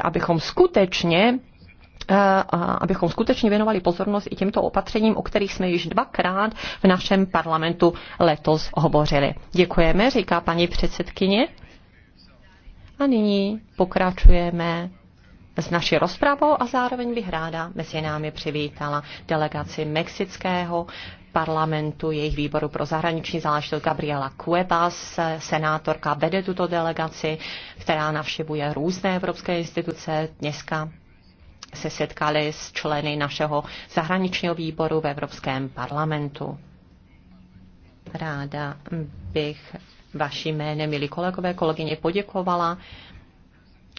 abychom skutečně eh, abychom skutečně věnovali pozornost i těmto opatřením, o kterých jsme již dvakrát v našem parlamentu letos hovořili. Děkujeme, říká paní předsedkyně. A nyní pokračujeme s naší rozpravou a zároveň bych ráda mezi námi přivítala delegaci Mexického parlamentu, jejich výboru pro zahraniční záležitost Gabriela Cuevas, senátorka, vede tuto delegaci, která navštěvuje různé evropské instituce. Dneska se setkali s členy našeho zahraničního výboru v Evropském parlamentu. Ráda bych vaši jménem, milí kolegové, kolegyně, poděkovala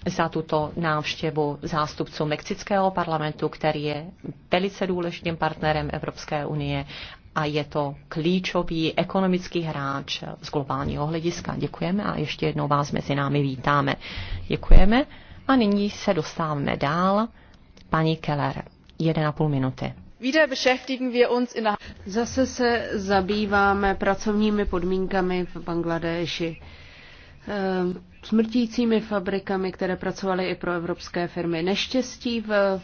za tuto návštěvu zástupců Mexického parlamentu, který je velice důležitým partnerem Evropské unie a je to klíčový ekonomický hráč z globálního hlediska. Děkujeme a ještě jednou vás mezi námi vítáme. Děkujeme a nyní se dostáváme dál. Paní Keller, jeden a půl minuty. Zase se zabýváme pracovními podmínkami v Bangladeši. Ehm, smrtícími fabrikami, které pracovaly i pro evropské firmy. Neštěstí v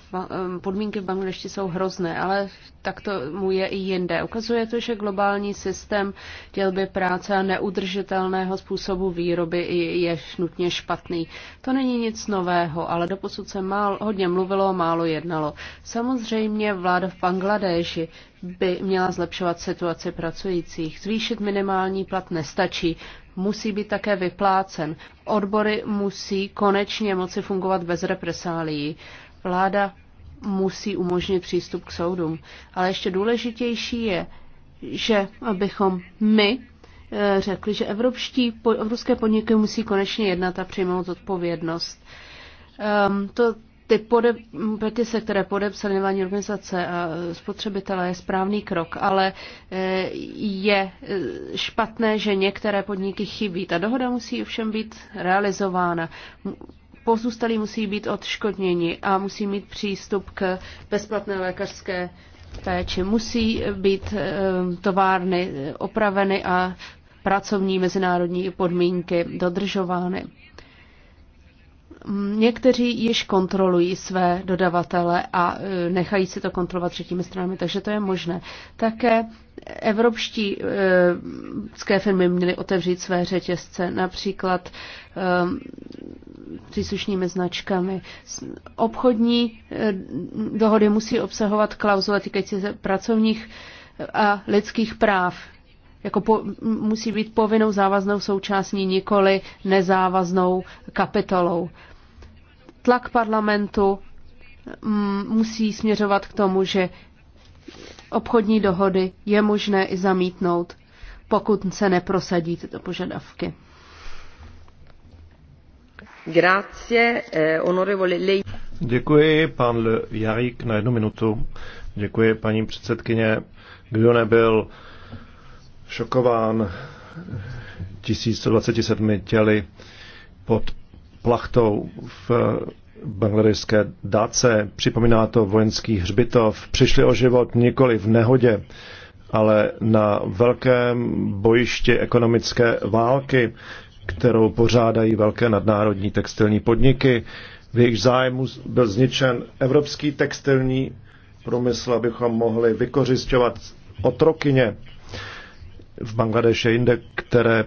podmínky v Bangladeši jsou hrozné, ale tak to mu je i jinde. Ukazuje to, že globální systém dělby práce a neudržitelného způsobu výroby je nutně špatný. To není nic nového, ale doposud se málo, hodně mluvilo a málo jednalo. Samozřejmě vláda v Bangladeši by měla zlepšovat situaci pracujících. Zvýšit minimální plat nestačí, musí být také vyplácen. Odbory musí konečně moci fungovat bez represálií. Vláda musí umožnit přístup k soudům. Ale ještě důležitější je, že abychom my eh, řekli, že evropští, evropské podniky musí konečně jednat a přijmout odpovědnost. Um, ehm, to ty pode, petice, které podepsaly nevládní organizace a spotřebitelé, je správný krok, ale eh, je eh, špatné, že některé podniky chybí. Ta dohoda musí ovšem být realizována. Pozůstalí musí být odškodněni a musí mít přístup k bezplatné lékařské péči. Musí být eh, továrny opraveny a pracovní mezinárodní podmínky dodržovány. Někteří již kontrolují své dodavatele a e, nechají si to kontrolovat třetími stranami, takže to je možné. Také evropští e, firmy měly otevřít své řetězce, například e, příslušnými značkami. Obchodní e, dohody musí obsahovat klauzule týkající se pracovních e, a lidských práv. Jako po, musí být povinnou závaznou součástí, nikoli nezávaznou kapitolou. E, tlak parlamentu mm, musí směřovat k tomu, že obchodní dohody je možné i zamítnout, pokud se neprosadí tyto požadavky. Eh, Děkuji, pan Le Jarík, na jednu minutu. Děkuji, paní předsedkyně. Kdo nebyl šokován 1027 těli pod plachtou v Bangladeské dáce. Připomíná to vojenský hřbitov. Přišli o život nikoli v nehodě, ale na velkém bojišti ekonomické války, kterou pořádají velké nadnárodní textilní podniky. V jejich zájmu byl zničen evropský textilní průmysl, abychom mohli vykořišťovat otrokyně v Bangladeše jinde, které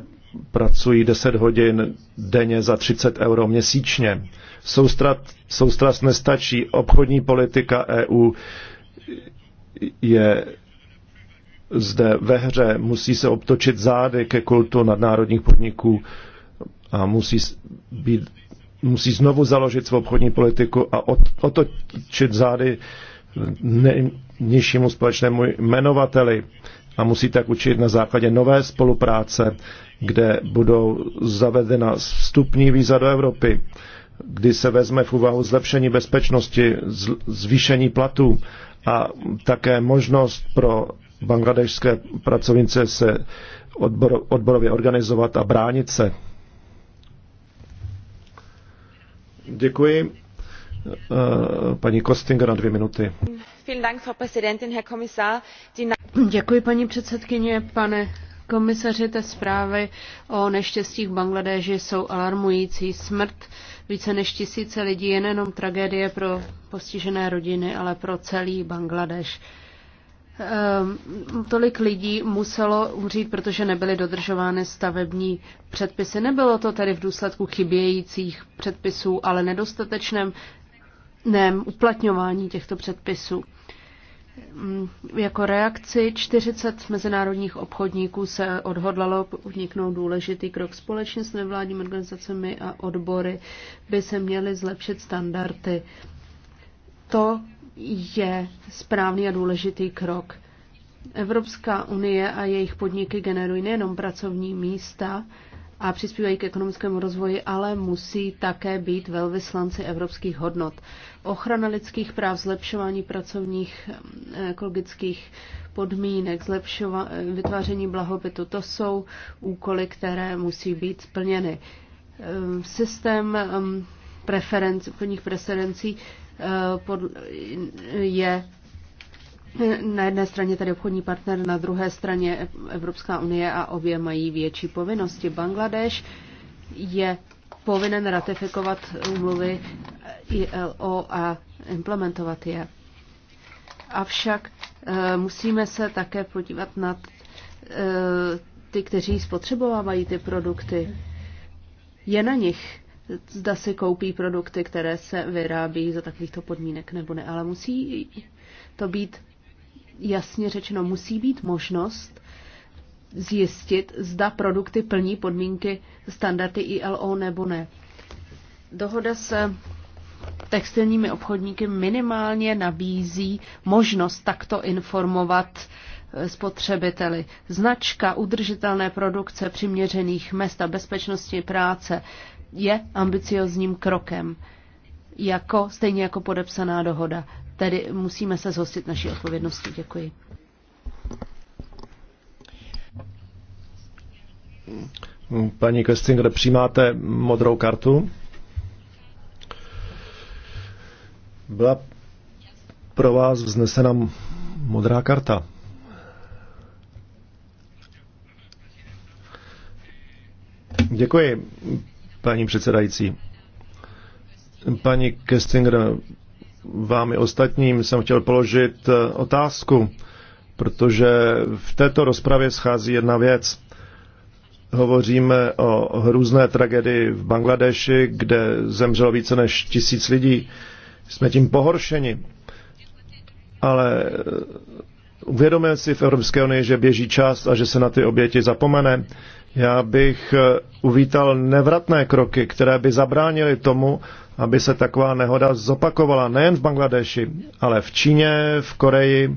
pracují 10 hodin denně za 30 euro měsíčně. Soustrat, soustrast nestačí. Obchodní politika EU je zde ve hře. Musí se obtočit zády ke kultu nadnárodních podniků a musí, být, musí znovu založit svou obchodní politiku a otočit zády nejnižšímu společnému jmenovateli a musí tak učit na základě nové spolupráce kde budou zavedena vstupní víza do Evropy, kdy se vezme v úvahu zlepšení bezpečnosti, zvýšení platů a také možnost pro bangladešské pracovnice se odbor, odborově organizovat a bránit se. Děkuji. Eh, paní Kostinger na dvě minuty. Děkuji, paní předsedkyně, pane komisaři, ty zprávy o neštěstích v Bangladeži jsou alarmující. Smrt více než tisíce lidí je nejenom tragédie pro postižené rodiny, ale pro celý Bangladeš. Um, tolik lidí muselo umřít, protože nebyly dodržovány stavební předpisy. Nebylo to tedy v důsledku chybějících předpisů, ale nedostatečném ne, uplatňování těchto předpisů. Mm, jako reakci 40 mezinárodních obchodníků se odhodlalo podniknout důležitý krok společně s nevládními organizacemi a odbory, by se měly zlepšit standardy. To je správný a důležitý krok. Evropská unie a jejich podniky generují nejenom pracovní místa, a přispívají k ekonomickému rozvoji, ale musí také být velvyslanci evropských hodnot. Ochrana lidských práv, zlepšování pracovních eh, ekologických podmínek, zlepšova- vytváření blahobytu, to jsou úkoly, které musí být splněny. Eh, systém eh, preferenc, obchodních preferencí je na jedné straně tady obchodní partner, na druhé straně Evropská unie a obě mají větší povinnosti. Bangladeš je povinen ratifikovat úmluvy ILO a implementovat je. Avšak eh, musíme se také podívat na eh, ty, kteří spotřebovávají ty produkty. Je na nich, zda si koupí produkty, které se vyrábí za takovýchto podmínek nebo ne, ale musí to být jasně řečeno, musí být možnost zjistit, zda produkty plní podmínky standardy ILO nebo ne. Dohoda se textilními obchodníky minimálně nabízí možnost takto informovat eh, spotřebiteli. Značka udržitelné produkce přiměřených mest a bezpečnosti práce je ambiciozním krokem, jako, stejně jako podepsaná dohoda. Tedy musíme se zhostit naší odpovědnosti. Děkuji. Paní Köstinger, přijímáte modrou kartu? Byla pro vás vznesena modrá karta. Děkuji, paní předsedající. Paní Kestinger, vám i ostatním jsem chtěl položit eh, otázku, protože v této rozpravě schází jedna věc. Hovoříme o hrůzné tragedii v Bangladeši, kde zemřelo více než tisíc lidí. Jsme tím pohoršeni. Ale eh, uvědomujeme si v Evropské unii, že běží čas a že se na ty oběti zapomene. Já bych eh, uvítal nevratné kroky, které by zabránily tomu, aby se taková nehoda zopakovala nejen v Bangladeši, ale v Číně, v Koreji,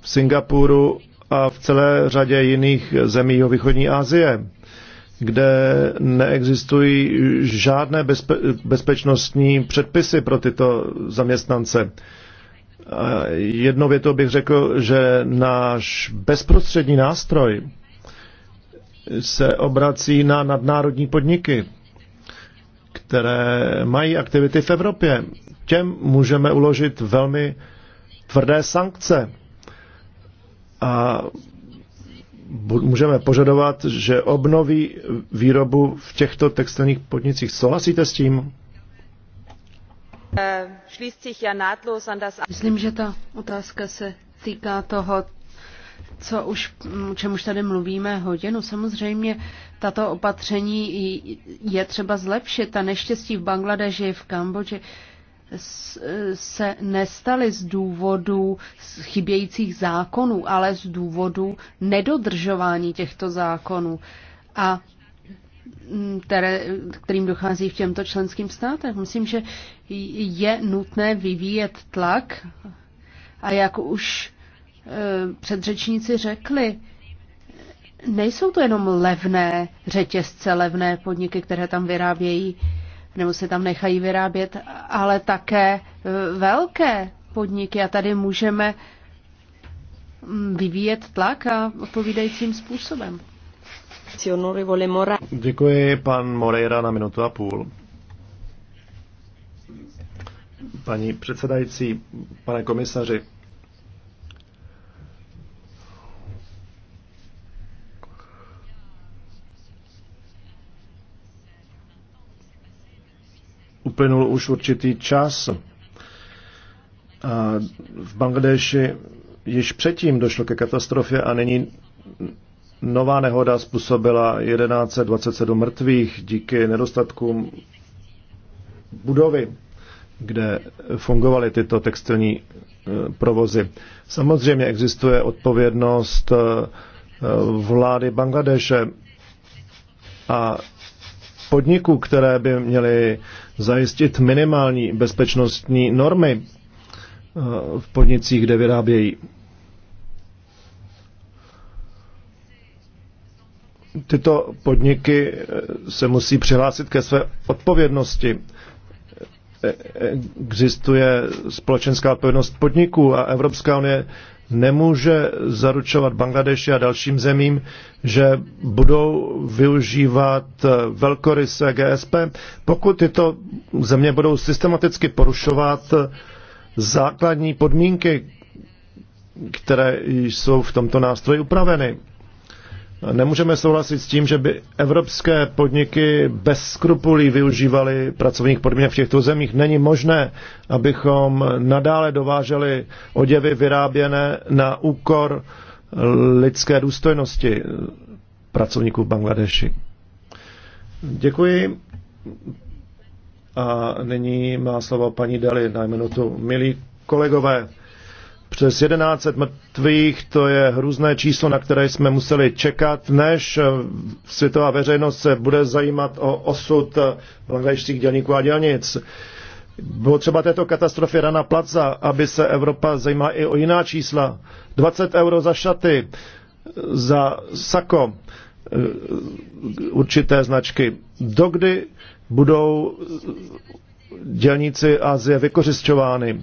v Singapuru a v celé řadě jiných zemí o východní Asie, kde neexistují žádné bezpe- bezpečnostní předpisy pro tyto zaměstnance. Jednou větou bych řekl, že náš bezprostřední nástroj se obrací na nadnárodní podniky které mají aktivity v Evropě. Těm můžeme uložit velmi tvrdé sankce. A můžeme požadovat, že obnoví výrobu v těchto textilních podnicích. Souhlasíte s tím? Eh, Myslím, že ta otázka se týká toho, co už, mm, čemuž tady mluvíme hodinu. Samozřejmě tato opatření je třeba zlepšit. Ta neštěstí v Bangladeži, v Kambodži se nestaly z důvodu chybějících zákonů, ale z důvodu nedodržování těchto zákonů, a mm, které, kterým dochází v těmto členským státech. Myslím, že je nutné vyvíjet tlak a jak už e, předřečníci řekli, nejsou to jenom levné řetězce, levné podniky, které tam vyrábějí nebo se tam nechají vyrábět, ale také eh, velké podniky a tady můžeme mm, vyvíjet tlak a odpovídajícím způsobem. Děkuji, pan Moreira, na minutu a půl. Paní předsedající, pane komisaři, uplynul už určitý čas. A v Bangladeši již předtím došlo ke katastrofě a nyní nová nehoda způsobila 1127 mrtvých díky nedostatkům budovy, kde fungovaly tyto textilní e, provozy. Samozřejmě existuje odpovědnost e, vlády Bangladeše a podniků, které by měly zajistit minimální bezpečnostní normy eh, v podnicích, kde vyrábějí. Tyto podniky eh, se musí přihlásit ke své odpovědnosti. Eh, existuje společenská odpovědnost podniků a Evropská unie nemůže zaručovat Bangladeši a dalším zemím, že budou využívat eh, velkoryse GSP, pokud tyto země budou systematicky porušovat eh, základní podmínky, které jsou v tomto nástroji upraveny. Nemůžeme souhlasit s tím, že by evropské podniky bez skrupulí využívaly pracovních podmínek v těchto zemích. Není možné, abychom nadále dováželi oděvy vyráběné na úkor lidské důstojnosti pracovníků v Bangladeši. Děkuji. A nyní má slovo paní Dali na minutu. Milí kolegové, přes 11 mrtvých, to je hrůzné číslo, na které jsme museli čekat, než eh, světová veřejnost se bude zajímat o osud eh, bangladešských dělníků a dělnic. Bylo třeba této katastrofy Rana Placa, aby se Evropa zajímala i o jiná čísla. 20 euro za šaty, eh, za sako určité značky. Dokdy budou dělníci Azie vykořišťovány?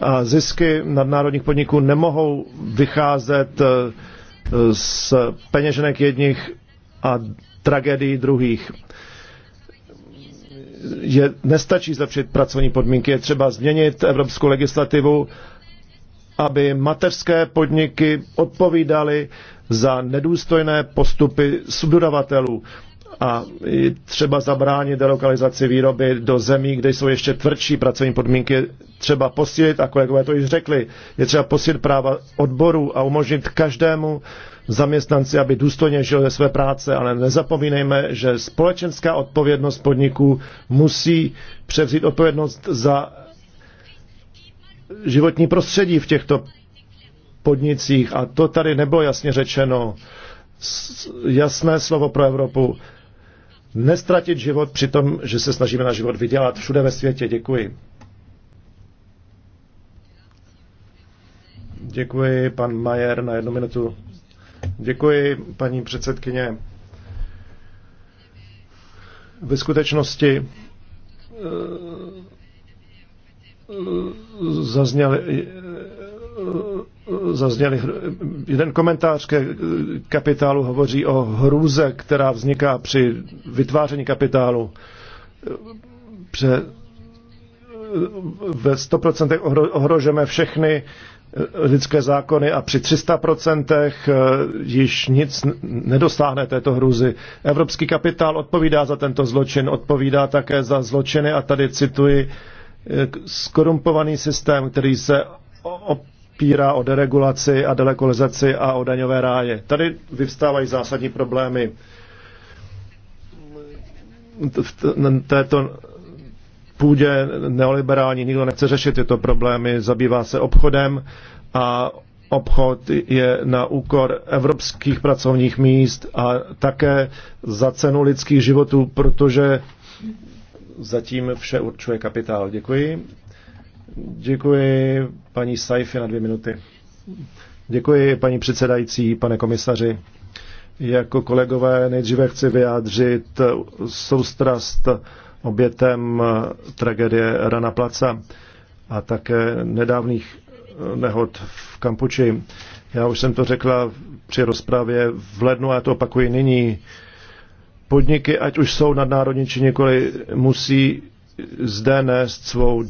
A zisky nadnárodních podniků nemohou vycházet eh, z peněženek jedních a tragédií druhých. Je, nestačí zlepšit pracovní podmínky, je třeba změnit evropskou legislativu, aby mateřské podniky odpovídaly za nedůstojné postupy subdodavatelů a třeba zabránit delokalizaci výroby do zemí, kde jsou ještě tvrdší pracovní podmínky, třeba posílit, a kolegové to již řekli, je třeba posílit práva odboru a umožnit každému zaměstnanci, aby důstojně žil ze své práce, ale nezapomínejme, že společenská odpovědnost podniků musí převzít odpovědnost za životní prostředí v těchto podnicích a to tady nebylo jasně řečeno jasné slovo pro Evropu nestratit život při tom, že se snažíme na život vydělat všude ve světě. Děkuji. Děkuji, pan Majer, na jednu minutu. Děkuji, paní předsedkyně. Ve skutečnosti eh, eh, zazněly eh, zazněly jeden komentář ke kapitálu hovoří o hrůze, která vzniká při vytváření kapitálu. Pře, ve 100% ohrožeme všechny lidské zákony a při 300% eh, již nic nedostáhne této hrůzy. Evropský kapitál odpovídá za tento zločin, odpovídá také za zločiny a tady cituji eh, skorumpovaný systém, který se op opírá o deregulaci a delekolizaci a o daňové ráje. Tady vyvstávají zásadní problémy v této půdě neoliberální. Nikdo nechce řešit tyto problémy, zabývá se obchodem a obchod je na úkor evropských pracovních míst a také za cenu lidských životů, protože zatím vše určuje kapitál. Děkuji. Děkuji paní Saifi na dvě minuty. Děkuji paní předsedající, pane komisaři. Jako kolegové nejdříve chci vyjádřit soustrast obětem tragédie Rana Placa a také nedávných nehod v Kampuči. Já už jsem to řekla při rozpravě v lednu a to opakuji nyní. Podniky, ať už jsou nadnárodní či nikoli, musí zde nést svou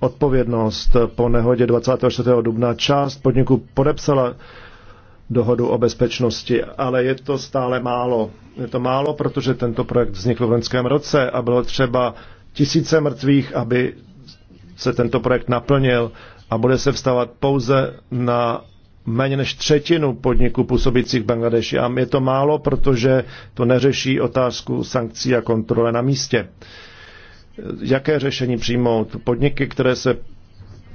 odpovědnost po nehodě 24. dubna. Část podniku podepsala dohodu o bezpečnosti, ale je to stále málo. Je to málo, protože tento projekt vznikl v loňském roce a bylo třeba tisíce mrtvých, aby se tento projekt naplnil a bude se vstávat pouze na méně než třetinu podniků působících v Bangladeši. A je to málo, protože to neřeší otázku sankcí a kontrole na místě. Uh, jaké řešení přijmout. Podniky, které se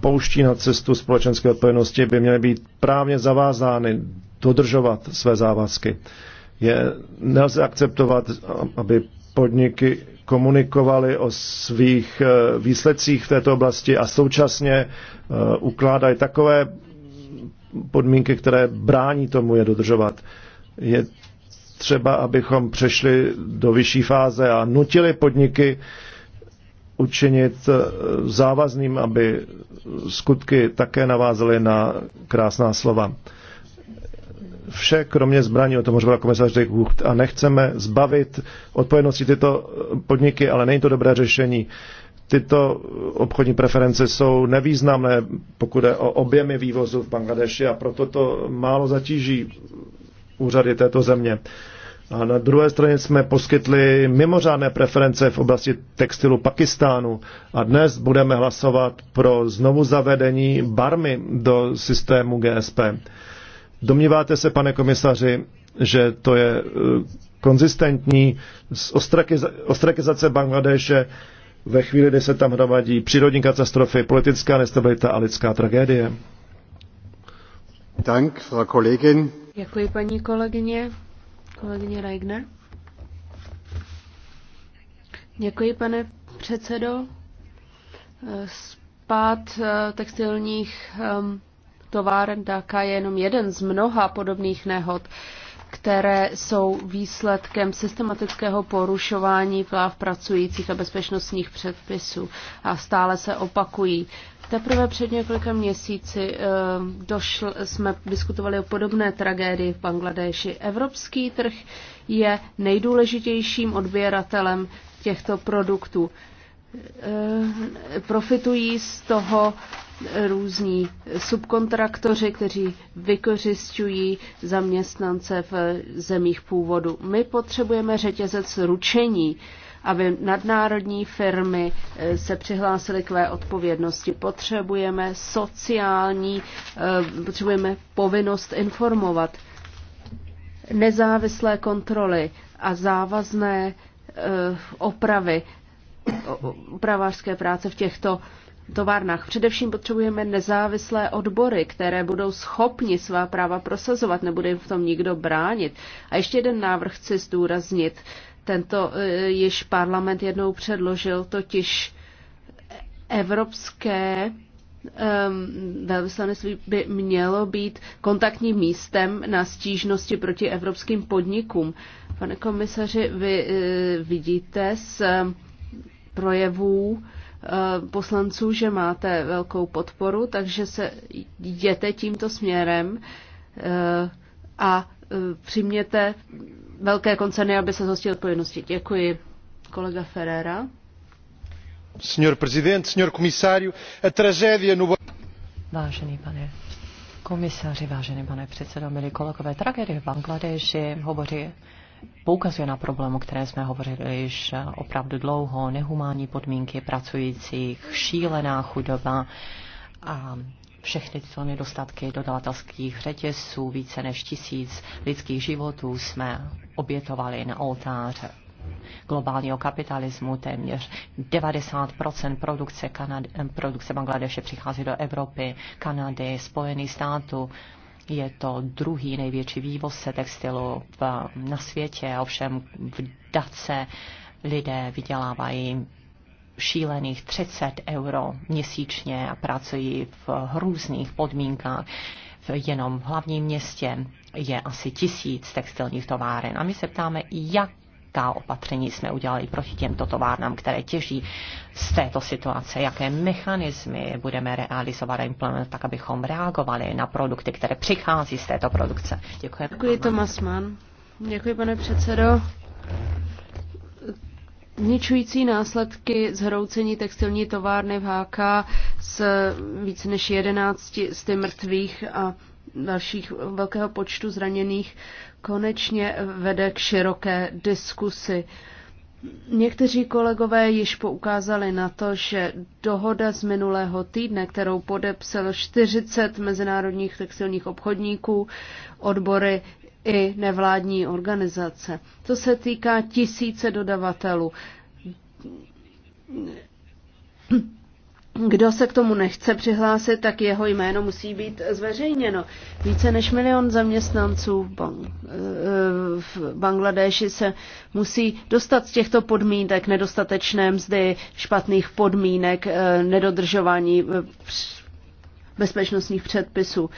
pouští na cestu společenské odpovědnosti, by měly být právně zavázány dodržovat své závazky. Je, nelze akceptovat, aby podniky komunikovali o svých eh, výsledcích v této oblasti a současně eh, ukládají takové podmínky, které brání tomu je dodržovat. Je třeba, abychom přešli do vyšší fáze a nutili podniky učinit eh, závazným, aby skutky také navázaly na krásná slova. Vše, kromě zbraní, o tom mluvila komisař Hucht, a nechceme zbavit odpovědnosti tyto podniky, ale není to dobré řešení. Tyto obchodní preference jsou nevýznamné, pokud je o objemy vývozu v Bangladeši a proto to málo zatíží úřady této země. A na druhé straně jsme poskytli mimořádné preference v oblasti textilu Pakistánu a dnes budeme hlasovat pro znovu zavedení barmy do systému GSP. Domníváte se, pane komisaři, že to je eh, konzistentní z ostrakizace Bangladeše ve chvíli, kdy se tam hromadí přírodní katastrofy, politická nestabilita a lidská tragédie? Dank, Frau Kollegin. Děkuji, paní kolegyně. Kolegyně Reigner. Děkuji, pane předsedo. Spát eh, textilních ehm, továren daka je jenom jeden z mnoha podobných nehod, které jsou výsledkem systematického porušování práv pracujících a bezpečnostních předpisů a stále se opakují. Teprve před několika měsíci eh, došl, jsme diskutovali o podobné tragédii v Bangladeši. Evropský trh je nejdůležitějším odběratelem těchto produktů. Eh, profitují z toho různí subkontraktoři, kteří vykořišťují zaměstnance v zemích původu. My potřebujeme řetězec ručení aby nadnárodní firmy eh, se přihlásily k své odpovědnosti. Potřebujeme sociální, eh, potřebujeme povinnost informovat, nezávislé kontroly a závazné eh, opravy, opravářské práce v těchto továrnách. Především potřebujeme nezávislé odbory, které budou schopni svá práva prosazovat, nebude jim v tom nikdo bránit. A ještě jeden návrh chci zdůraznit. Uh, tento e, již parlament jednou předložil totiž evropské um, velvyslanectví by mělo být kontaktním místem na stížnosti proti evropským podnikům. Pane komisaři, vy uh, vidíte z uh, projevů uh, poslanců, že máte velkou podporu, takže se jděte tímto směrem uh, a uh, přiměte velké koncerny, aby se zhostil odpovědnosti. Děkuji. Kolega Ferreira. Senhor prezident, senhor komisário, a tragédia no... Vážený pane komisaři, vážený pane předsedo, milí kolegové, tragédie v Bangladeši hovoří poukazuje na problému, které jsme hovořili již opravdu dlouho, nehumánní podmínky pracujících, šílená chudoba a všechny tyto nedostatky dodavatelských řetězců, více než tisíc lidských životů jsme obětovali na oltář globálního kapitalismu. Téměř 90 produkce, Kanady, eh, produkce Bangladeše přichází do Evropy, Kanady, Spojených států. Je to druhý největší se textilu v, na světě, ovšem v Dace lidé vydělávají šílených 30 euro měsíčně a pracují v různých podmínkách. Jenom v hlavním městě je asi tisíc textilních továren. A my se ptáme, jak jaká opatření jsme udělali proti těmto továrnám, které těží z této situace, jaké mechanismy budeme realizovat a implementovat, tak abychom reagovali na produkty, které přichází z této produkce. Děkuji. Děkuji, Tomas Mann. Děkuji, pane předsedo. Zničující následky zhroucení textilní továrny v HK s více než 11 z mrtvých a dalších velkého počtu zraněných konečně vede k široké diskusi. Někteří kolegové již poukázali na to, že dohoda z minulého týdne, kterou podepsalo 40 mezinárodních textilních obchodníků, odbory i nevládní organizace. To se týká tisíce dodavatelů. Kdo se k tomu nechce přihlásit, tak jeho jméno musí být zveřejněno. Více než milion zaměstnanců v, Bang- eh, v Bangladeši se musí dostat z těchto podmínek, nedostatečné mzdy, špatných podmínek, eh, nedodržování eh, bezpečnostních předpisů.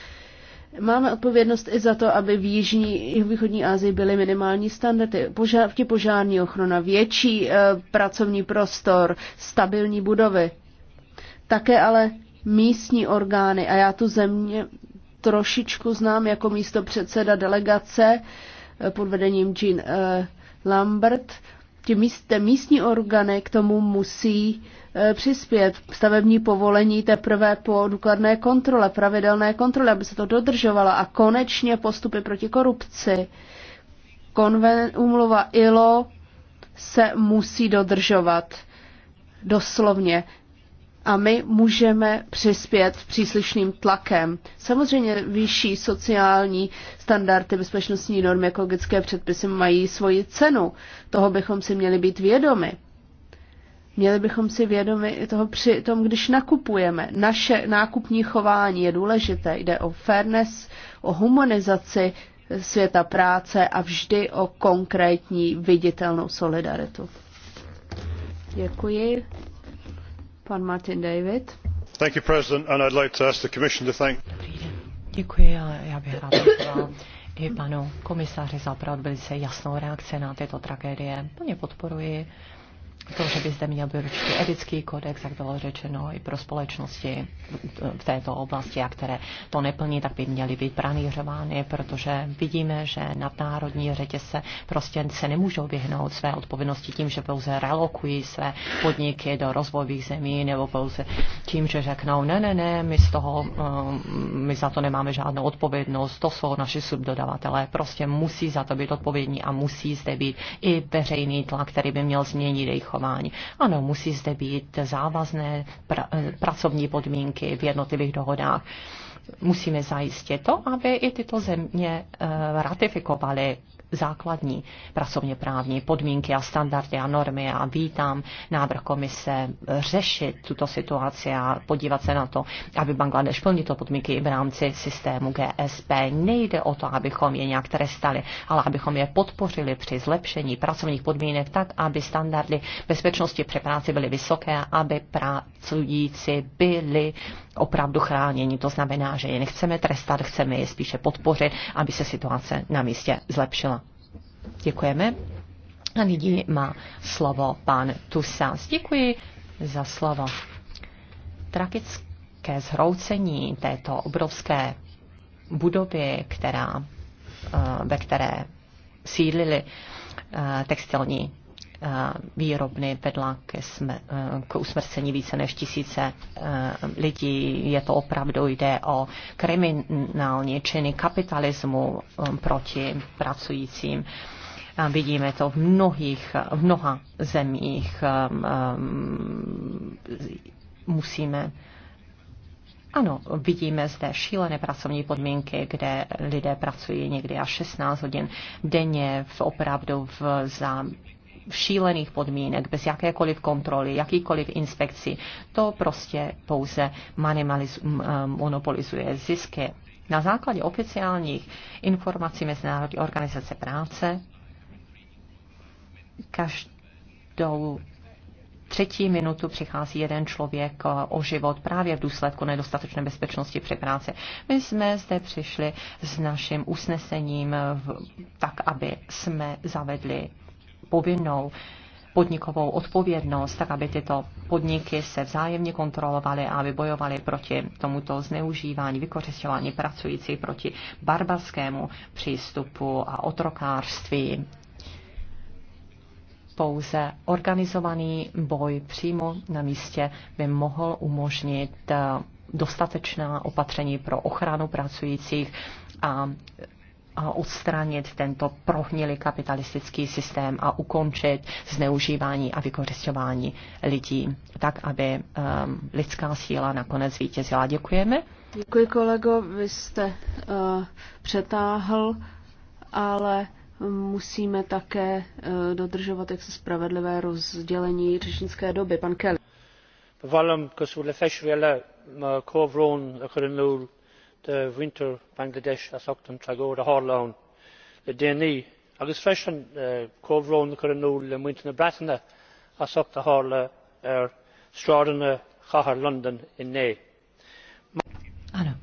Máme odpovědnost i za to, aby v Jižní i v Východní Asii byly minimální standardy, požávky požární ochrana, větší e, pracovní prostor, stabilní budovy. Také ale místní orgány, a já tu země trošičku znám jako místo předseda delegace eh, pod vedením Jean e, Lambert, ty míst, místní orgány k tomu musí e, přispět. Stavební povolení teprve po důkladné kontrole, pravidelné kontrole, aby se to dodržovalo a konečně postupy proti korupci. Konven, umluva ILO se musí dodržovat. Doslovně a my můžeme přispět příslušným tlakem. Samozřejmě vyšší sociální standardy, bezpečnostní normy, ekologické předpisy mají svoji cenu. Toho bychom si měli být vědomi. Měli bychom si vědomi i toho při tom, když nakupujeme. Naše nákupní chování je důležité. Jde o fairness, o humanizaci světa práce a vždy o konkrétní viditelnou solidaritu. Děkuji paní Martin David. já bych rád i panu komisaři za velice jasnou reakci na tyto tragédie. Plně podporuji to, že by zde měl být určitý etický kodex, jak bylo řečeno, i pro společnosti v této oblasti, a které to neplní, tak by měly být pranířovány, protože vidíme, že nadnárodní řetězce prostě se nemůžou vyhnout své odpovědnosti tím, že pouze relokují své podniky do rozvojových zemí nebo pouze tím, že řeknou, ne, ne, ne, my z toho, eh, my za to nemáme žádnou odpovědnost, to jsou naši subdodavatelé, prostě musí za to být odpovědní a musí zde být i veřejný tlak, který by měl změnit jejich chování. Ano, musí zde být závazné pr- eh, pracovní podmínky v jednotlivých dohodách. Musíme zajistit to, aby i tyto země eh, ratifikovaly základní pracovně právní podmínky a standardy a normy a vítám návrh komise řešit tuto situaci a podívat se na to, aby Bangladeš plnil podmínky i v rámci systému GSP. Nejde o to, abychom je nějak trestali, ale abychom je podpořili při zlepšení pracovních podmínek tak, aby standardy bezpečnosti při práci byly vysoké, aby pracující byli opravdu chránění. To znamená, že je nechceme trestat, chceme je spíše podpořit, aby se situace na místě zlepšila. Děkujeme. A nyní má slovo pan Tusas. Děkuji za slovo. Tragické zhroucení této obrovské budovy, která, eh, ve které sídlili eh, textilní výrobny vedla ke, smr- e, k usmrcení více než tisíce e, lidí. Je to opravdu, jde o kriminální činy kapitalismu e, proti pracujícím. A vidíme to v, mnohých, v mnoha zemích. Musíme ano, vidíme zde šílené pracovní podmínky, kde lidé pracují někdy až 16 hodin denně v opravdu v, za šílených podmínek, bez jakékoliv kontroly, jakýkoliv inspekcí. To prostě pouze eh, monopolizuje zisky. Na základě oficiálních informací Mezinárodní organizace práce každou třetí minutu přichází jeden člověk eh, o život právě v důsledku nedostatečné bezpečnosti při práci. My jsme zde přišli s naším usnesením v, tak, aby jsme zavedli povinnou podnikovou odpovědnost, tak aby tyto podniky se vzájemně kontrolovaly a vybojovaly proti tomuto zneužívání, vykořišťování pracujících proti barbarskému přístupu a otrokářství. Pouze organizovaný boj přímo na místě by mohl umožnit eh, dostatečná opatření pro ochranu pracujících a a odstranit tento prohnilý kapitalistický systém a ukončit zneužívání a vykořišťování lidí, tak aby um, lidská síla nakonec vítězila. Děkujeme. Děkuji kolego, vy jste uh, přetáhl, ale musíme také uh, dodržovat jaksi spravedlivé rozdělení řečnické doby. Pan Kelly de mhuintir uh, bangladesh a sochtain tagore a tharla le déanaí agus freisin chomh na cuireann nua le muintir na breataine a socht a tharla ar stradanna chathair londain inné. Ano.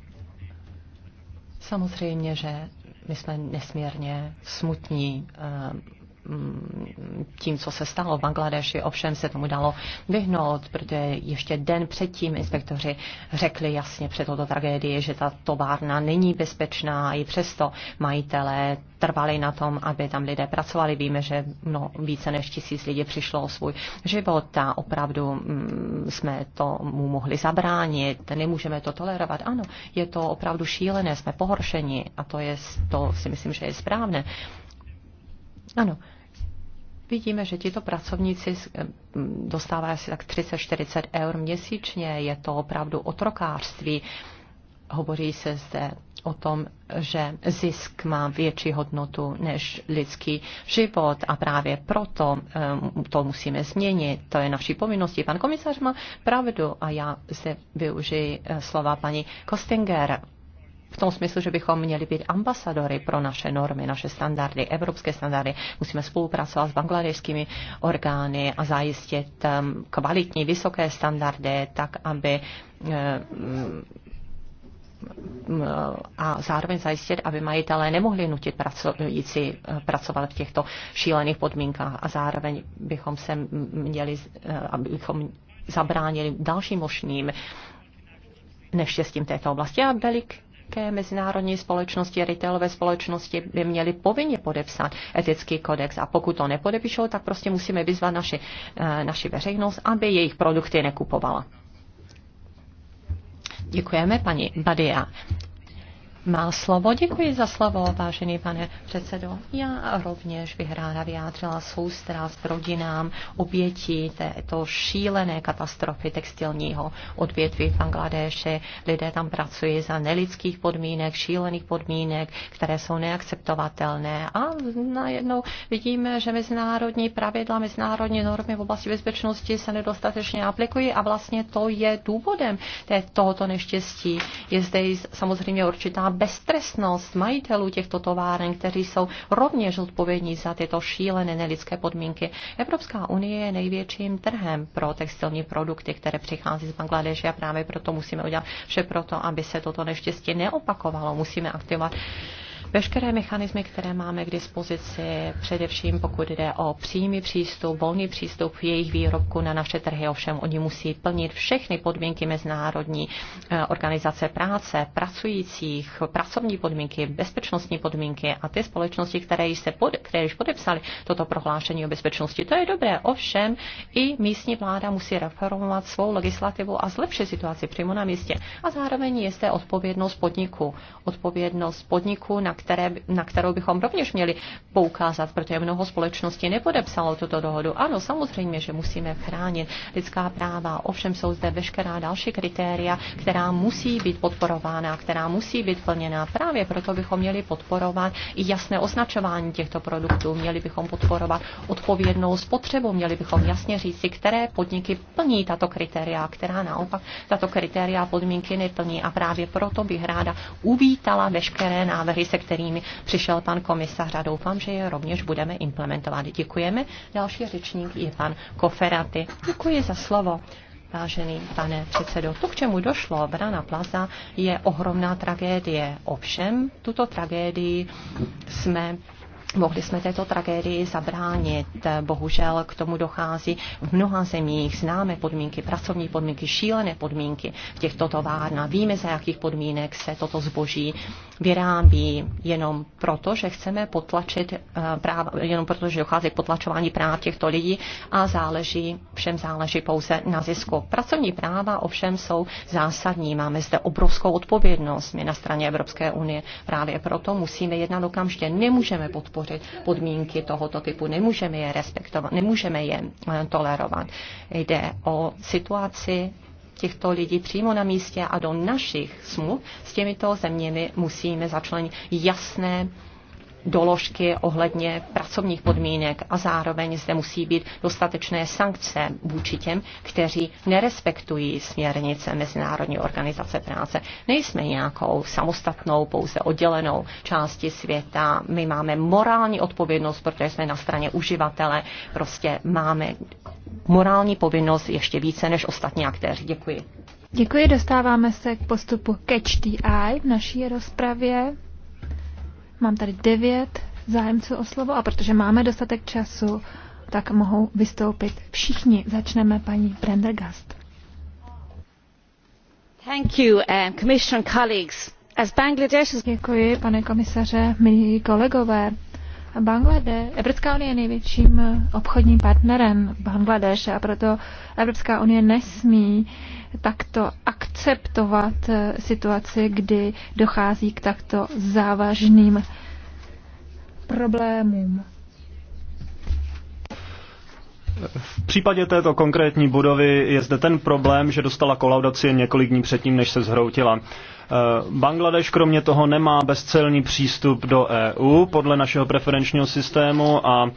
Samozřejmě, že my jsme nesmírně smutní um, Mm, tím, co se stalo v Bangladeši, ovšem se tomu dalo vyhnout, protože ještě den předtím inspektoři řekli jasně před toto tragédii, že ta továrna není bezpečná, i přesto majitelé trvali na tom, aby tam lidé pracovali. Víme, že no, více než tisíc lidí přišlo o svůj život a opravdu mm, jsme tomu mohli zabránit, nemůžeme to tolerovat. Ano, je to opravdu šílené, jsme pohoršeni a to, je, to si myslím, že je správné. Ano, vidíme, že tito pracovníci dostávají asi tak 30-40 eur měsíčně. Je to opravdu otrokářství. Hovoří se zde o tom, že zisk má větší hodnotu než lidský život a právě proto um, to musíme změnit. To je naší povinností. Pan komisař má pravdu a já se využiji eh, slova paní Kostinger v tom smyslu, že bychom měli být ambasadory pro naše normy, naše standardy, evropské standardy. Musíme spolupracovat s bangladešskými orgány a zajistit um, kvalitní, vysoké standardy, tak aby eh, mm, mm, a zároveň zajistit, aby majitelé nemohli nutit pracující eh, pracovat v těchto šílených podmínkách a zároveň bychom se měli, eh, abychom zabránili dalším možným neštěstím této oblasti a velik Velké mezinárodní společnosti, retailové společnosti by měly povinně podepsat etický kodex a pokud to nepodepíšou, tak prostě musíme vyzvat naši, eh, naši veřejnost, aby jejich produkty nekupovala. Děkujeme, paní Badia má slovo. Děkuji za slovo, vážený pane předsedo. Já rovněž bych ráda vyjádřila soustrast rodinám obětí této šílené katastrofy textilního odvětví v Bangladeši. Lidé tam pracují za nelidských podmínek, šílených podmínek, které jsou neakceptovatelné. A najednou vidíme, že mezinárodní pravidla, mezinárodní normy v oblasti bezpečnosti se nedostatečně aplikují a vlastně to je důvodem té, tohoto neštěstí. Je zde samozřejmě určitá beztrestnost majitelů těchto továren, kteří jsou rovněž odpovědní za tyto šílené nelidské podmínky. Evropská unie je největším trhem pro textilní produkty, které přichází z Bangladeše a právě proto musíme udělat vše proto, aby se toto neštěstí neopakovalo. Musíme aktivovat veškeré mechanismy, které máme k dispozici, především pokud jde o přímý přístup, volný přístup jejich výrobku na naše trhy, ovšem oni musí plnit všechny podmínky Mezinárodní eh, organizace práce, pracujících, pracovní podmínky, bezpečnostní podmínky a ty společnosti, které již, se pod, které již podepsali toto prohlášení o bezpečnosti. To je dobré, ovšem i místní vláda musí reformovat svou legislativu a zlepšit situaci přímo na místě. A zároveň je zde odpovědnost podniku. Odpovědnost podniku, na které, na kterou bychom rovněž měli poukázat, protože mnoho společností nepodepsalo tuto dohodu. Ano, samozřejmě, že musíme chránit lidská práva, ovšem jsou zde veškerá další kritéria, která musí být podporována, která musí být plněná Právě proto bychom měli podporovat i jasné označování těchto produktů, měli bychom podporovat odpovědnou spotřebu, měli bychom jasně říci, které podniky plní tato kritéria, která naopak tato kritéria podmínky neplní. A právě proto bych ráda uvítala veškeré návrhy, se kterými přišel pan komisař a doufám, že je rovněž budeme implementovat. Děkujeme. Další řečník je pan Koferaty. Děkuji za slovo. Vážený pane předsedo, to, k čemu došlo v Rana Plaza, je ohromná tragédie. Ovšem, tuto tragédii jsme Mohli jsme této tragédii zabránit. Bohužel k tomu dochází v mnoha zemích. Známe podmínky, pracovní podmínky, šílené podmínky v těchto továrnách. Víme, za jakých podmínek se toto zboží vyrábí jenom proto, že chceme potlačit eh, práva, jenom proto, že dochází k potlačování práv těchto lidí a záleží, všem záleží pouze na zisku. Pracovní práva ovšem jsou zásadní. Máme zde obrovskou odpovědnost my na straně Evropské unie. Právě proto musíme jednat okamžitě. Nemůžeme podporovat vytvořit podmínky tohoto typu. Nemůžeme je respektovat, nemůžeme je eh, tolerovat. Jde o situaci těchto lidí přímo na místě a do našich smluv s těmito zeměmi musíme začlenit jasné doložky ohledně pracovních podmínek a zároveň zde musí být dostatečné sankce vůči těm, kteří nerespektují směrnice Mezinárodní organizace práce. Nejsme nějakou samostatnou, pouze oddělenou části světa. My máme morální odpovědnost, protože jsme na straně uživatele. Prostě máme morální povinnost ještě více než ostatní aktéři. Děkuji. Děkuji, dostáváme se k postupu Catch the Eye v naší rozpravě. Mám tady devět zájemců o slovo a protože máme dostatek času, tak mohou vystoupit všichni. Začneme paní Prendergast. Thank you, um, eh, Commission colleagues. As Bangladesh... Děkuji, pane komisaře, milí kolegové. Banglade, Evropská unie je největším obchodním partnerem Bangladeše a proto Evropská unie nesmí takto akceptovat eh, situaci, kdy dochází k takto závažným problémům. V případě této konkrétní budovy je zde ten problém, že dostala kolaudaci několik dní předtím, než se zhroutila. Eh, Bangladeš kromě toho nemá bezcelní přístup do EU podle našeho preferenčního systému a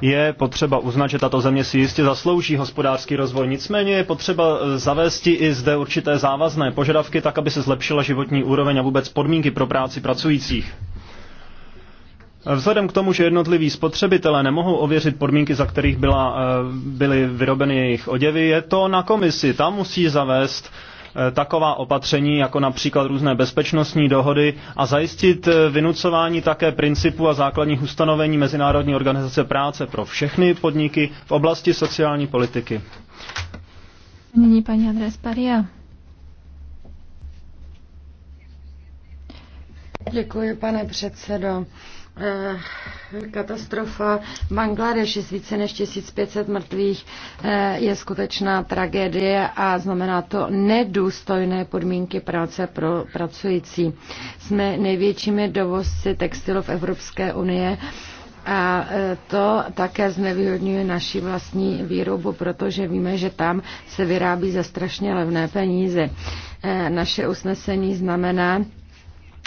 je potřeba uznat, že tato země si jistě zaslouží hospodářský rozvoj. Nicméně je potřeba eh, zavést i zde určité závazné požadavky, tak aby se zlepšila životní úroveň a vůbec podmínky pro práci pracujících. Vzhledem k tomu, že jednotliví spotřebitelé nemohou ověřit podmínky, za kterých byla, eh, byly vyrobeny jejich oděvy, je to na komisi. Ta musí zavést eh, taková opatření, jako například různé bezpečnostní dohody a zajistit eh, vynucování také principů a základních ustanovení Mezinárodní organizace práce pro všechny podniky v oblasti sociální politiky. Nyní paní Andrés Paria. Děkuji, pane předsedo. Eh, katastrofa v Bangladeši s více než 1500 mrtvých eh, je skutečná tragédie a znamená to nedůstojné podmínky práce pro pracující. Jsme největšími dovozci textilu v Evropské unie a eh, to také znevýhodňuje naši vlastní výrobu, protože víme, že tam se vyrábí za strašně levné peníze. Naše usnesení znamená,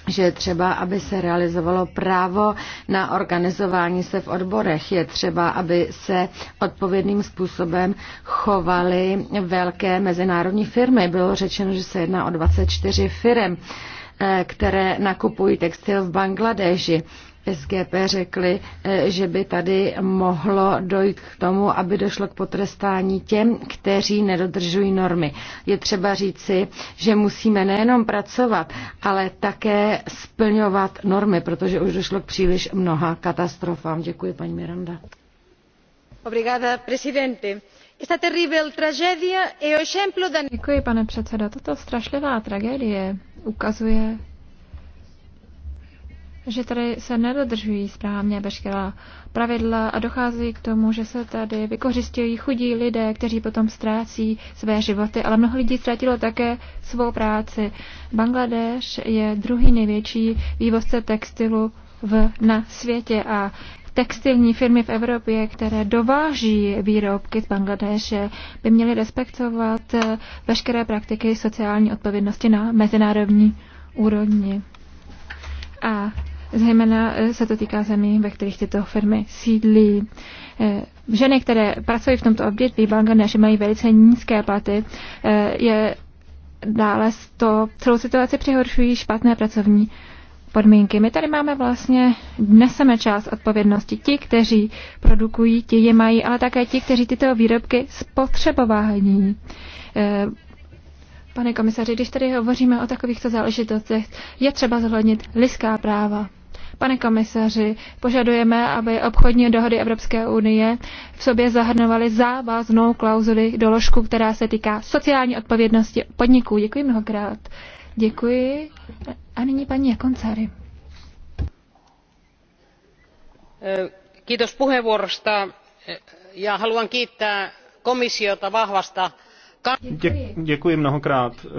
že je třeba, aby se realizovalo právo na organizování se v odborech. Je třeba, aby se odpovědným způsobem chovaly velké mezinárodní firmy. Bylo řečeno, že se jedná o 24 firm, eh, které nakupují textil v Bangladeži SGP řekli, eh, že by tady mohlo dojít k tomu, aby došlo k potrestání těm, kteří nedodržují normy. Je třeba říci, že musíme nejenom pracovat, ale také splňovat normy, protože už došlo k příliš mnoha katastrofám. Děkuji, paní Miranda. Obrigada, presidente. Esta terrible tragedia é o exemplo da... Děkuji, pane předsedo. Tato strašlivá tragédie ukazuje že tady se nedodržují správně veškerá pravidla a dochází k tomu, že se tady vykořistějí chudí lidé, kteří potom ztrácí své životy, ale mnoho lidí ztratilo také svou práci. Bangladeš je druhý největší vývozce textilu v, na světě a textilní firmy v Evropě, které dováží výrobky z Bangladeše, by měly respektovat veškeré praktiky sociální odpovědnosti na mezinárodní úrovni. A Zejména eh, se to týká zemí, ve kterých tyto firmy sídlí. Eh, ženy, které pracují v tomto odvětví Bangladeši, mají velice nízké platy. Eh, je dále to celou situaci přihoršují špatné pracovní podmínky. My tady máme vlastně, neseme část odpovědnosti. Ti, kteří produkují, ti je mají, ale také ti, kteří tyto výrobky spotřebování. Pane komisaři, když tady hovoříme o takovýchto záležitostech, je třeba zohlednit lidská práva. Pane komisaři, požadujeme, aby obchodní dohody Evropské unie v sobě zahrnovaly závaznou klauzuli doložku, která se týká sociální odpovědnosti podniků. Děkuji mnohokrát. Děkuji. A nyní paní Jakoncary. Kiitos puheenvuorosta ja haluan kiittää komissiota vahvasta Děkuji. Děkuji mnohokrát. Eh,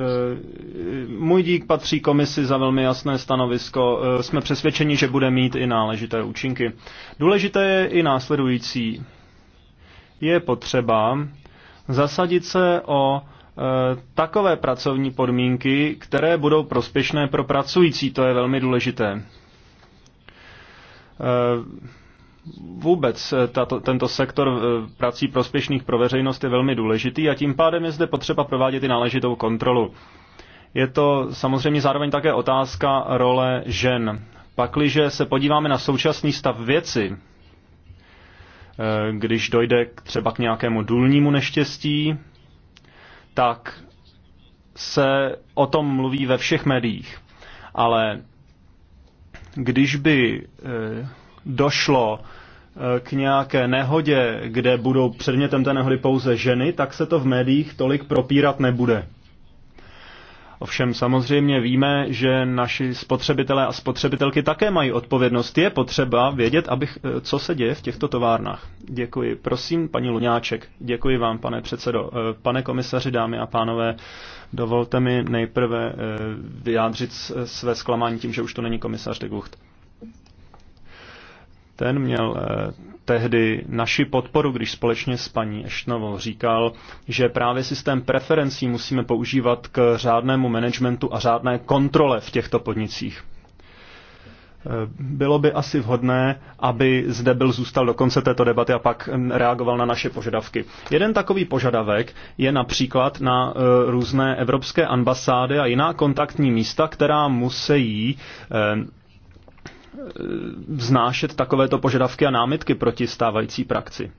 můj dík patří komisi za velmi jasné stanovisko. Eh, jsme přesvědčeni, že bude mít i náležité účinky. Důležité je i následující. Je potřeba zasadit se o eh, takové pracovní podmínky, které budou prospěšné pro pracující. To je velmi důležité vůbec eh, tato, tento sektor eh, prací prospěšných pro veřejnost je velmi důležitý a tím pádem je zde potřeba provádět i náležitou kontrolu. Je to samozřejmě zároveň také otázka role žen. Pakliže se podíváme na současný stav věci, eh, když dojde k třeba k nějakému důlnímu neštěstí, tak se o tom mluví ve všech médiích. Ale když by došlo eh, k nějaké nehodě, kde budou předmětem té nehody pouze ženy, tak se to v médiích tolik propírat nebude. Ovšem samozřejmě víme, že naši spotřebitelé a spotřebitelky také mají odpovědnost. Je potřeba vědět, abych, eh, co se děje v těchto továrnách. Děkuji. Prosím, paní Luňáček. Děkuji vám, pane předsedo. Eh, pane komisaři, dámy a pánové, dovolte mi nejprve vyjádřit své zklamání tím, že už to není komisař de Gucht ten měl eh, tehdy naši podporu, když společně s paní Eštnovou říkal, že právě systém preferencí musíme používat k řádnému managementu a řádné kontrole v těchto podnicích. Eh, bylo by asi vhodné, aby zde byl zůstal do konce této debaty a pak hm, reagoval na naše požadavky. Jeden takový požadavek je například na eh, různé evropské ambasády a jiná kontaktní místa, která musí Eh, vznášet takovéto požadavky a námitky proti stávající praxi.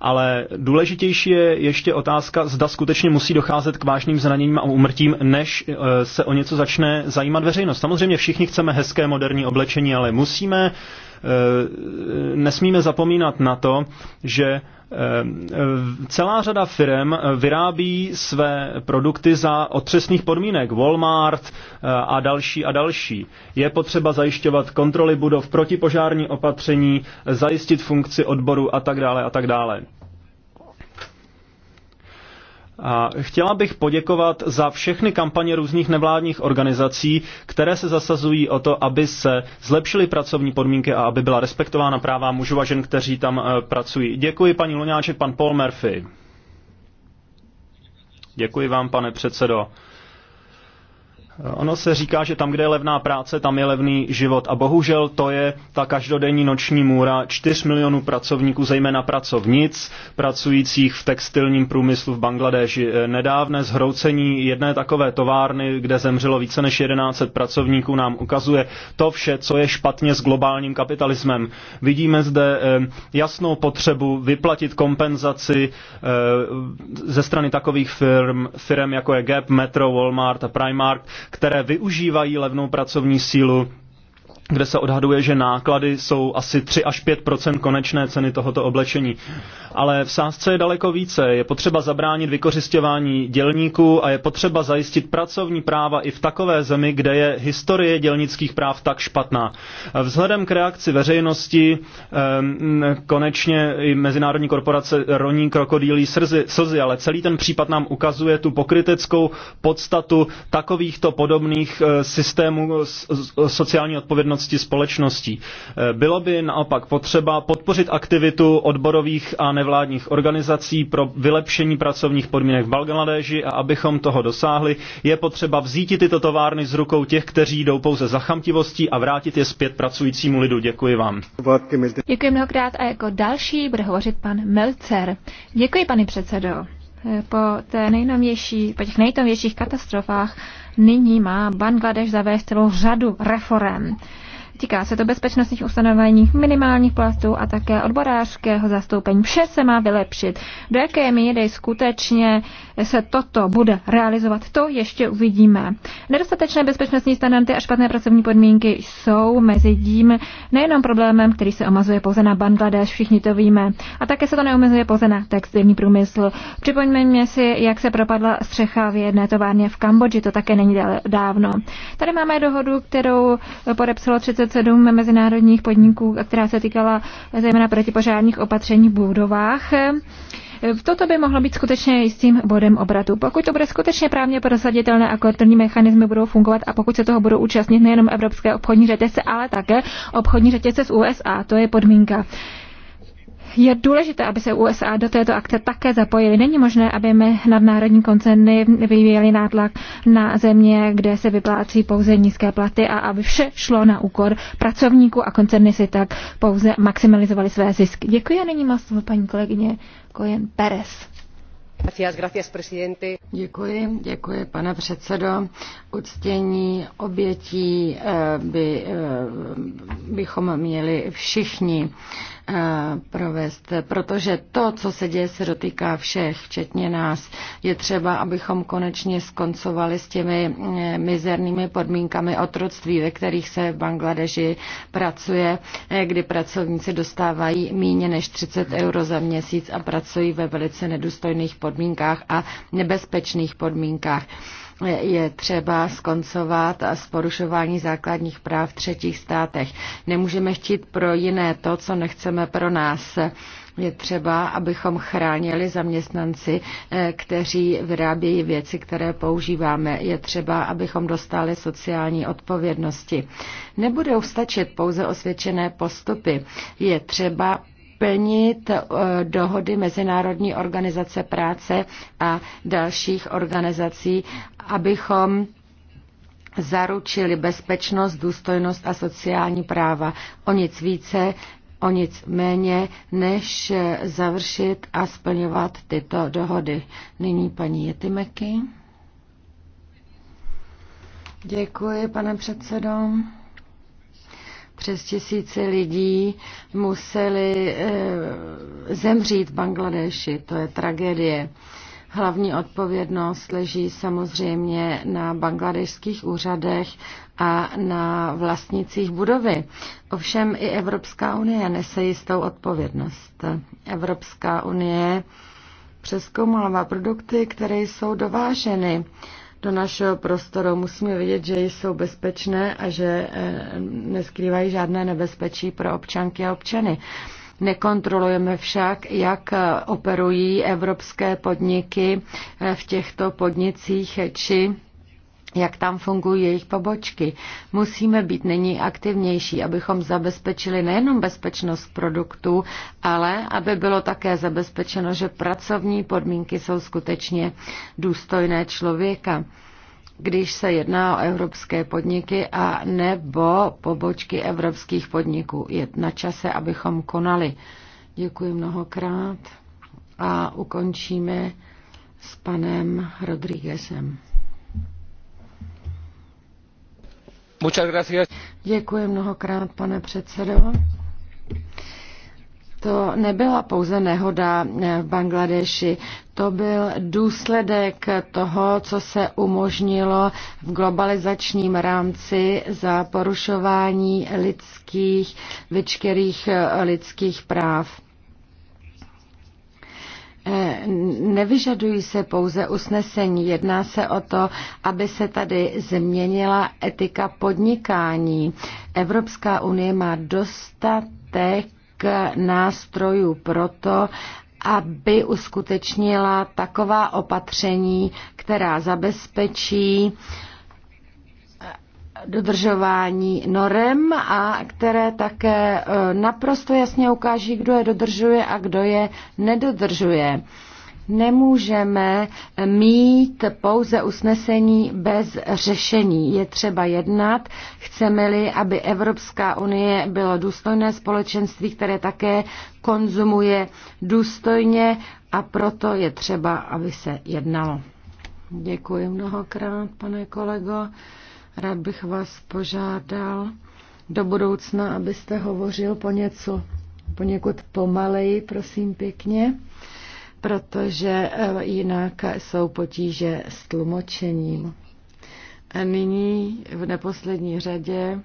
Ale důležitější je ještě otázka, zda skutečně musí docházet k vážným zraněním a umrtím, než eh, se o něco začne zajímat veřejnost. Samozřejmě všichni chceme hezké moderní oblečení, ale musíme, eh, nesmíme zapomínat na to, že Eh, celá řada firm eh, vyrábí své produkty za otřesných podmínek, Walmart eh, a další a další. Je potřeba zajišťovat kontroly budov, protipožární opatření, zajistit funkci odboru a tak dále a tak dále. A chtěla bych poděkovat za všechny kampaně různých nevládních organizací, které se zasazují o to, aby se zlepšily pracovní podmínky a aby byla respektována práva mužů a žen, kteří tam e, pracují. Děkuji paní Luňáček, pan Paul Murphy. Děkuji vám, pane předsedo. Ono se říká, že tam, kde je levná práce, tam je levný život. A bohužel to je ta každodenní noční můra 4 milionů pracovníků, zejména pracovnic, pracujících v textilním průmyslu v Bangladeži. E, nedávné zhroucení jedné takové továrny, kde zemřelo více než 1100 pracovníků, nám ukazuje to vše, co je špatně s globálním kapitalismem. Vidíme zde e, jasnou potřebu vyplatit kompenzaci e, ze strany takových firm, firm jako je Gap, Metro, Walmart a Primark, které využívají levnou pracovní sílu kde se odhaduje, že náklady jsou asi 3 až 5 konečné ceny tohoto oblečení. Ale v sázce je daleko více. Je potřeba zabránit vykořišťování dělníků a je potřeba zajistit pracovní práva i v takové zemi, kde je historie dělnických práv tak špatná. Vzhledem k reakci veřejnosti konečně i Mezinárodní korporace roní krokodýlí slzy, slzy, ale celý ten případ nám ukazuje tu pokryteckou podstatu takovýchto podobných eh, systémů sociální odpovědnosti odpovědnosti společností. E, bylo by naopak potřeba podpořit aktivitu odborových a nevládních organizací pro vylepšení pracovních podmínek v Bangladeži a abychom toho dosáhli, je potřeba vzít tyto továrny z rukou těch, kteří jdou pouze za chamtivostí a vrátit je zpět pracujícímu lidu. Děkuji vám. Děkuji mnohokrát a jako další bude hovořit pan Melcer. Děkuji, pane předsedo. E, po, té po těch nejnovějších katastrofách Nyní má Bangladeš zavést celou řadu reform. Týká se to bezpečnostních ustanovení, minimálních plastů a také odborářského zastoupení. Vše se má vylepšit. Do jaké míry skutečně se toto bude realizovat, to ještě uvidíme. Nedostatečné bezpečnostní standardy a špatné pracovní podmínky jsou mezi tím nejenom problémem, který se omazuje pouze na Bangladeš, všichni to víme, a také se to neomezuje pouze na textilní průmysl. Připomeňme si, jak se propadla střecha v jedné továrně v Kambodži, to také není dávno. Tady máme dohodu, kterou podepsalo 30 47 mezinárodních podniků, která se týkala zejména protipožárních opatření v budovách. Toto by mohlo být skutečně jistým bodem obratu. Pokud to bude skutečně právně prosaditelné a kontrolní mechanismy budou fungovat a pokud se toho budou účastnit nejenom evropské obchodní řetězce, ale také obchodní řetězce z USA, to je podmínka. Je důležité, aby se USA do této akce také zapojily. Není možné, aby my nadnárodní koncerny vyvíjeli nátlak na země, kde se vyplácí pouze nízké platy a aby vše šlo na úkor pracovníků a koncerny si tak pouze maximalizovali své zisky. Děkuji a nyní má slovo paní kolegyně Kojen Perez. Děkuji, děkuji, pane předsedo. Uctění obětí eh, by, eh, bychom měli všichni. Eh, provést, protože to, co se děje, se dotýká všech, včetně nás. Je třeba, abychom konečně skoncovali s těmi eh, mizernými podmínkami otroctví, ve kterých se v Bangladeži pracuje, eh, kdy pracovníci dostávají méně než 30 euro za měsíc a pracují ve velice nedůstojných podmínkách a nebezpečných podmínkách je třeba skoncovat s porušování základních práv v třetích státech. Nemůžeme chtít pro jiné to, co nechceme pro nás. Je třeba, abychom chránili zaměstnanci, eh, kteří vyrábějí věci, které používáme. Je třeba, abychom dostali sociální odpovědnosti. Nebudou stačit pouze osvědčené postupy. Je třeba plnit eh, dohody Mezinárodní organizace práce a dalších organizací, abychom zaručili bezpečnost, důstojnost a sociální práva. O nic více, o nic méně, než eh, završit a splňovat tyto dohody. Nyní paní Jetimeky. Děkuji, pane předsedo. Přes tisíce lidí museli eh, zemřít v Bangladeši. To je tragédie. Hlavní odpovědnost leží samozřejmě na bangladešských úřadech a na vlastnicích budovy. Ovšem i Evropská unie nese jistou odpovědnost. Evropská unie přeskoumala produkty, které jsou dováženy do našeho prostoru. Musíme vidět, že jsou bezpečné a že eh, neskrývají žádné nebezpečí pro občanky a občany. Nekontrolujeme však, jak eh, operují evropské podniky eh, v těchto podnicích či jak tam fungují jejich pobočky. Musíme být nyní aktivnější, abychom zabezpečili nejenom bezpečnost produktů, ale aby bylo také zabezpečeno, že pracovní podmínky jsou skutečně důstojné člověka když se jedná o evropské podniky a nebo pobočky evropských podniků. Je na čase, abychom konali. Děkuji mnohokrát a ukončíme s panem Rodríguezem. Děkuji mnohokrát, pane předsedo. To nebyla pouze nehoda v Bangladeši, to byl důsledek toho, co se umožnilo v globalizačním rámci za porušování lidských, veškerých lidských práv. Eh, nevyžadují se pouze usnesení, jedná se o to, aby se tady změnila etika podnikání. Evropská unie má dostatek nástrojů pro to, aby uskutečnila taková opatření, která zabezpečí dodržování norem a které také e, naprosto jasně ukáží, kdo je dodržuje a kdo je nedodržuje. Nemůžeme mít pouze usnesení bez řešení. Je třeba jednat, chceme-li, aby Evropská unie bylo důstojné společenství, které také konzumuje důstojně a proto je třeba, aby se jednalo. Děkuji mnohokrát, pane kolego. Rád bych vás požádal do budoucna, abyste hovořil po něco, poněkud pomaleji, prosím pěkně, protože eh, jinak jsou potíže s tlumočením. A nyní v neposlední řadě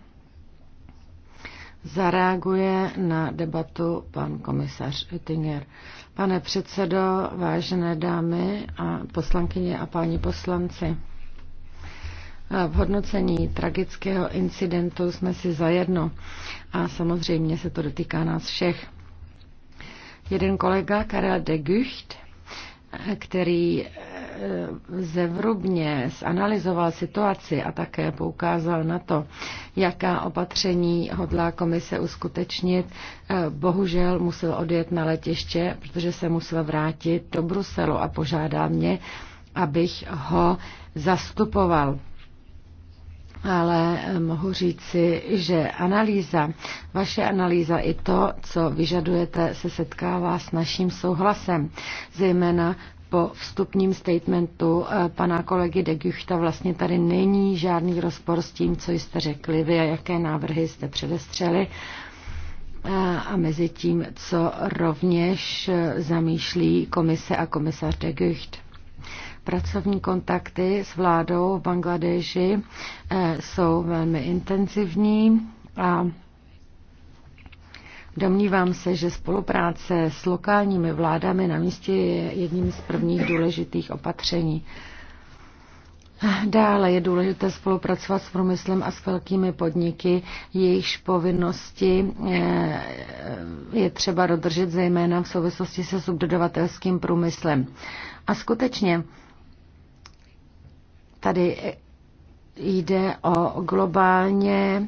zareaguje na debatu pan komisař Oettinger. Pane předsedo, vážené dámy a poslankyně a páni poslanci, v hodnocení tragického incidentu jsme si zajedno a samozřejmě se to dotýká nás všech. Jeden kolega, Karel de Gucht, který eh, zevrubně zanalizoval situaci a také poukázal na to, jaká opatření hodlá komise uskutečnit, eh, bohužel musel odjet na letiště, protože se musel vrátit do Bruselu a požádal mě, abych ho zastupoval ale eh, mohu říci, že analýza, vaše analýza i to, co vyžadujete, se setkává s naším souhlasem, zejména po vstupním statementu eh, pana kolegy de Guchta vlastně tady není žádný rozpor s tím, co jste řekli vy a jaké návrhy jste předestřeli eh, a mezi tím, co rovněž zamýšlí komise a komisař de Gucht. Pracovní kontakty s vládou v Bangladeži eh, jsou velmi intenzivní a Domnívám se, že spolupráce s lokálními vládami na místě je jedním z prvních důležitých opatření. Dále je důležité spolupracovat s průmyslem a s velkými podniky, jejichž povinnosti eh, je třeba dodržet zejména v souvislosti se subdodavatelským průmyslem. A skutečně Tady jde o globálně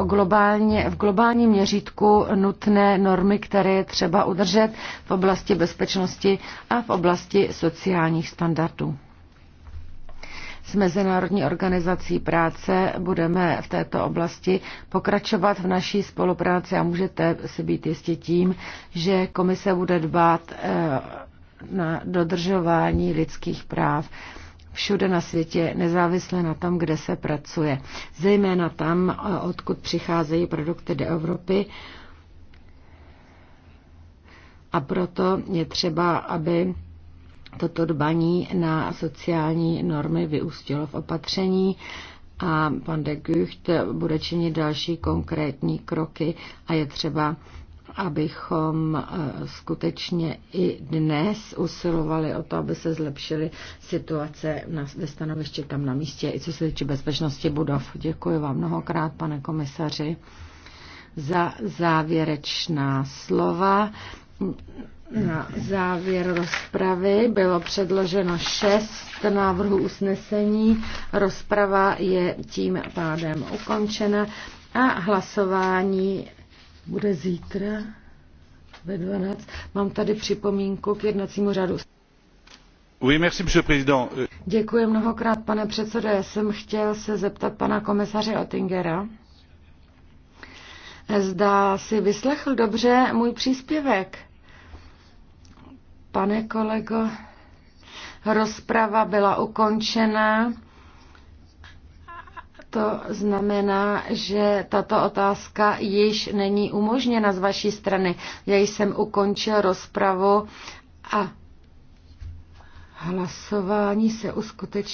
o globálně, v globálním měřítku nutné normy, které je třeba udržet v oblasti bezpečnosti a v oblasti sociálních standardů. S Mezinárodní organizací práce budeme v této oblasti pokračovat v naší spolupráci a můžete si být jistě tím, že komise bude dbát eh, na dodržování lidských práv všude na světě, nezávisle na tom, kde se pracuje. Zejména tam, eh, odkud přicházejí produkty do Evropy. A proto je třeba, aby toto dbaní na sociální normy vyústilo v opatření a pan de Gucht bude činit další konkrétní kroky a je třeba abychom eh, skutečně i dnes usilovali o to, aby se zlepšily situace na, ve stanovišti tam na místě, i co se týče bezpečnosti budov. Děkuji vám mnohokrát, pane komisaři, za závěrečná slova. Na závěr rozpravy bylo předloženo šest návrhů usnesení. Rozprava je tím pádem ukončena a hlasování bude zítra ve 12. Mám tady připomínku k jednacímu řadu. Oui, merci, monsieur président. Děkuji mnohokrát, pane předsedo. Já jsem chtěl se zeptat pana komisaře Otingera. Zda si vyslechl dobře můj příspěvek. Pane kolego, rozprava byla ukončena. To znamená, že tato otázka již není umožněna z vaší strany. Já jsem ukončil rozpravu a hlasování se uskuteční.